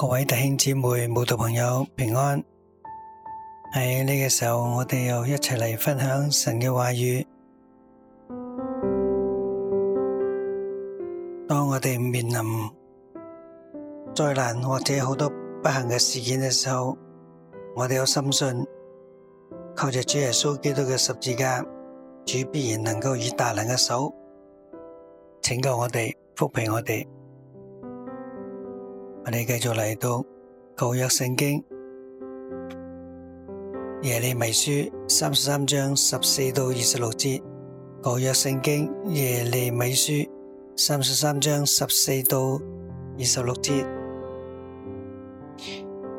各位弟兄姊妹、慕道朋友平安！喺呢個時候，我哋又一齊嚟分享神嘅話語。當我哋面臨災難或者好多不幸嘅事件嘅時候，我哋有深信，靠着主耶穌基督嘅十字架，主必然能夠以大能嘅手拯救我哋、復平我哋。你哋繼續嚟讀舊約聖經耶利米書三十三章十四到二十六節。舊約聖經耶利米書三十三章十四到二十六節。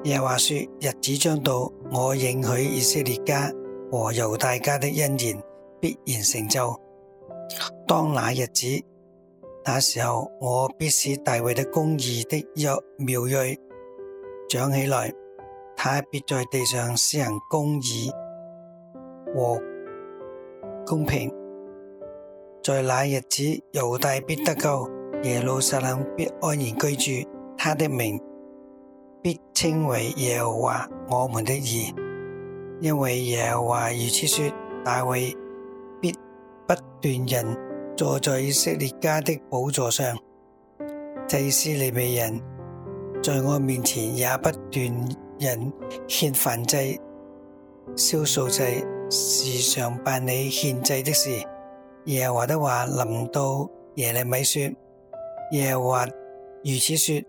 耶和華說：日子將到，我應許以色列家和猶大家的恩言必然成就。當那日子。那時候，我必使大衛的公義的約苗裔長起來，他必在地上施行公義和公平。在那日子猶大必得救，耶路撒冷必安然居住，他的名必稱為耶和華我們的義，因為耶和華如此說：大衛必不斷人，坐在以色列家的寶座上，祭司利未人在我面前也不斷人獻燔祭、燒素祭，時常辦理獻祭的事。耶華的話臨到耶利米說：耶和華如此說，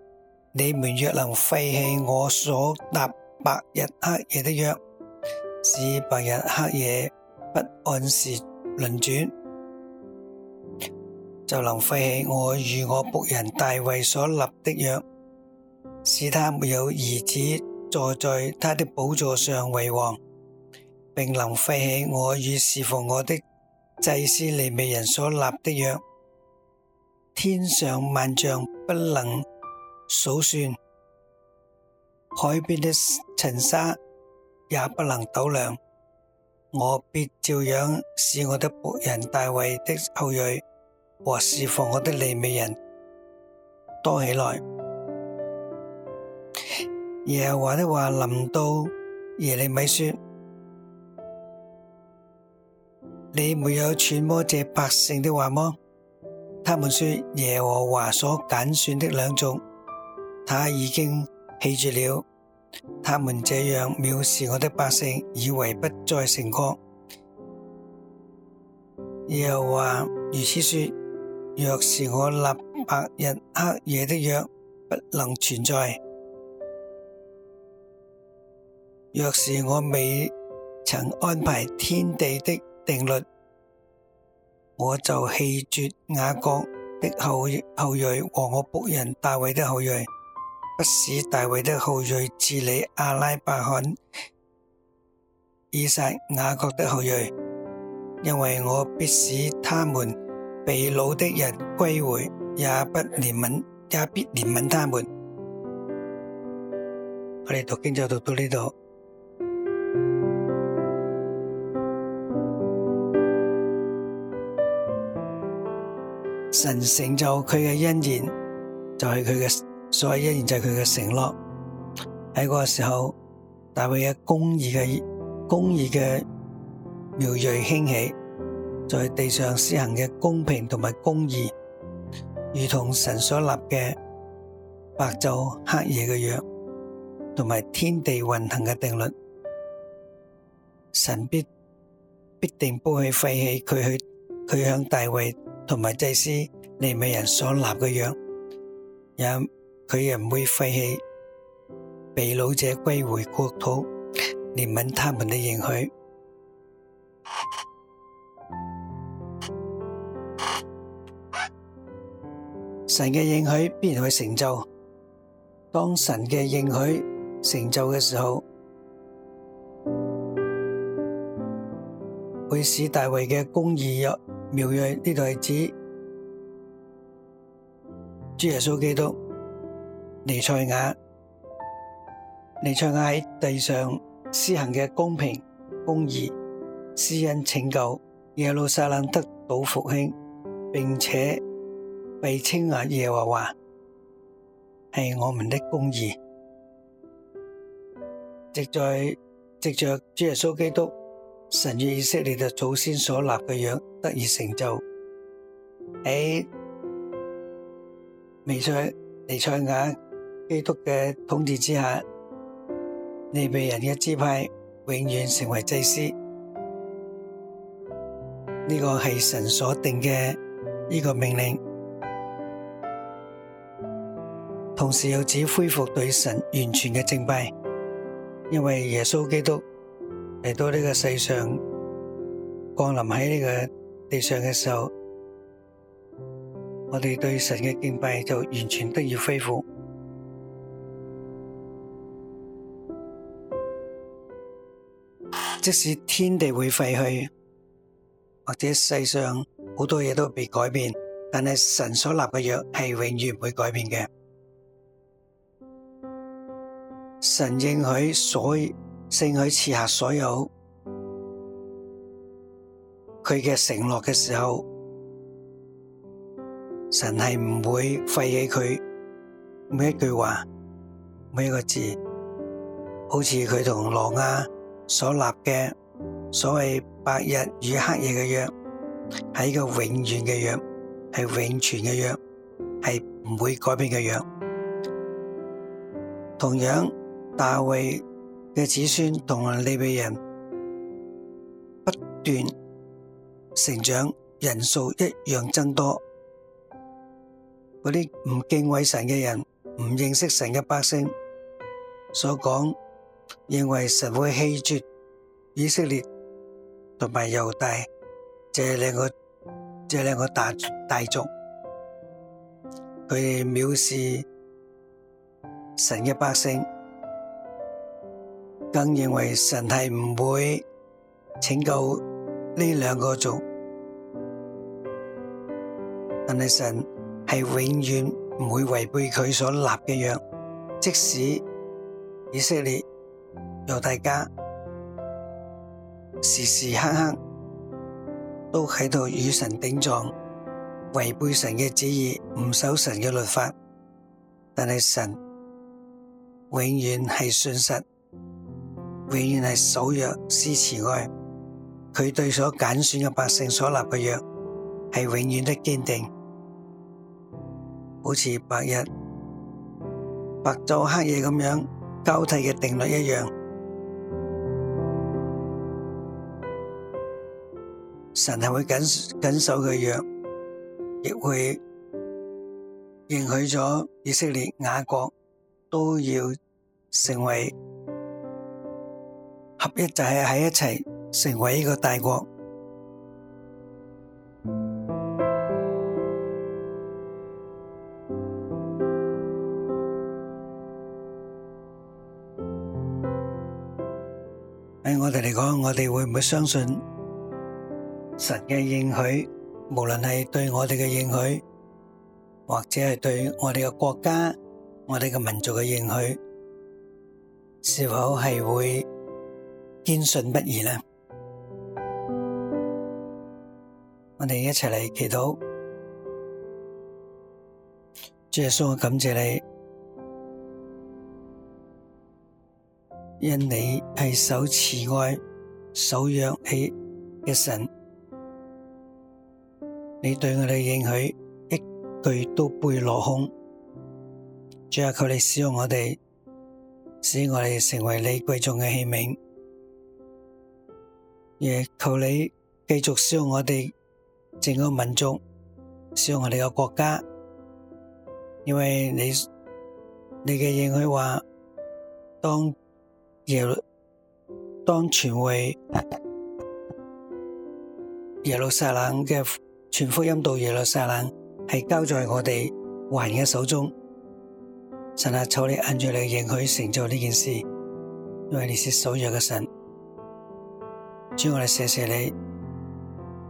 你們若能廢棄我所搭白日黑夜的約，使白日黑夜不按時輪轉。就能廢棄我與我僕人大衛所立的約，使他沒有兒子坐在他的寶座上為王，並能廢棄我與侍奉我的祭司利未人所立的約。天上萬象不能數算，海邊的塵沙也不能斗量，我必照樣使我的僕人大衛的後裔，和侍奉我的利未人多起來。耶和華的話臨到耶利米說：你沒有揣摩這百姓的話麼？他們說耶和華所揀選的兩族，他已經棄絕了。他們這樣藐視我的百姓，以為不再成國。耶和華如此說。若是我立白日黑夜的約不能存在，若是我未曾安排天地的定律，我就棄絕雅各的後後裔和我僕人大衛的後裔，不使大衛的後裔治理亞伯拉罕以撒雅各的後裔，因為我必使他們。被擄的人歸回，也不憐憫，也必憐憫他們。我哋讀經就讀到呢度，神成就佢嘅恩言，就係佢嘅所謂恩言就係佢嘅承諾。喺嗰個時候，大衛嘅公義嘅公義嘅苗裔興起，在地上施行嘅公平同埋公義,神嘅應許必然會成就。當神嘅應許成就嘅時候，會使大衛嘅公義入苗裔呢度係指，主耶穌基督尼賽亞，尼賽亞喺地上施行嘅公平公義，施恩拯救耶路撒冷得到復興，並且。被稱為耶和華係我們的公義，藉在藉着主耶穌基督，神與以色列嘅祖先所立嘅約，得以成就。喺彌賽彌賽亞基督嘅統治之下，利未人嘅支派永遠成為祭司，呢個係神所定嘅呢個命令。同時，又指恢復對神完全嘅敬拜，因為耶穌基督，嚟到呢個世上，降臨喺呢個地上嘅時候，神應許，所以聖許賜下所有佢嘅承諾嘅時候，神係唔會廢棄佢每一句話，每一個字，好似佢同羅亞所立嘅所謂白日與黑夜嘅約，係一個永遠嘅約，係永存嘅約，係唔會改變嘅約，同樣。大衛嘅子孫同利未人不斷成長，人數一樣增多。嗰啲唔敬畏神嘅人，唔認識神嘅百姓，所講認為神會棄絕以色列同埋猶大這兩個這兩個大大族，佢哋藐視神嘅百姓。更認為神係唔會拯救呢兩個族，但係神係永遠唔會違背佢所立嘅約，即使以色列猶大家時時刻刻都喺度與神頂撞，違背神嘅旨意，唔守神嘅律法，但係神永遠係信實。永遠係守約施慈愛，佢對所揀選嘅百姓所立嘅約，係永遠的堅定，好似白日白晝黑夜咁樣交替嘅定律一樣。神係會緊緊守佢約，亦會應許咗以色列雅各都要成為。合一就係喺一齊成為一個大國。喺我哋嚟講，我哋會唔會相信神嘅應許？無論係對我哋嘅應許，或者係對我哋嘅國家、我哋嘅民族嘅應許，是否係會？堅信不疑，呢我哋一齊嚟祈禱。主耶穌，我感謝你，因你係守慈愛、守約起嘅神，你對我哋嘅應許一句都不會落空。主耶穌，求你使用我哋，使我哋成為你貴重嘅器皿。也求你繼續使用我哋整個民族，使用我哋嘅國家，因為你你嘅應許話，當耶律當傳位耶路撒冷嘅全福音到耶路撒冷係交在我哋華人嘅手中，神啊，求你按住你嘅應許成就呢件事，因為你是守約嘅神。主我哋謝謝你，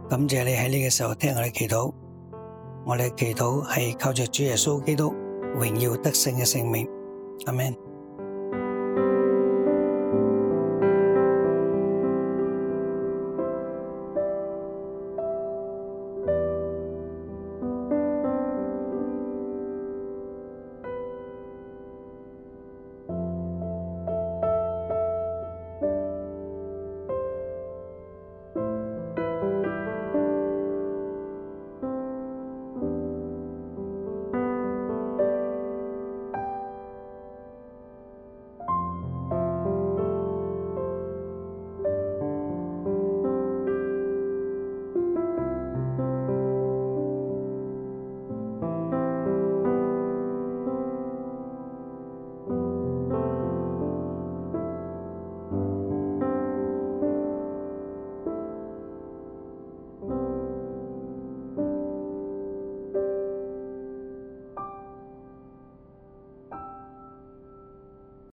感謝你喺呢個時候聽我哋祈禱，我哋嘅祈禱係靠着主耶穌基督榮耀得勝嘅聖名，阿門。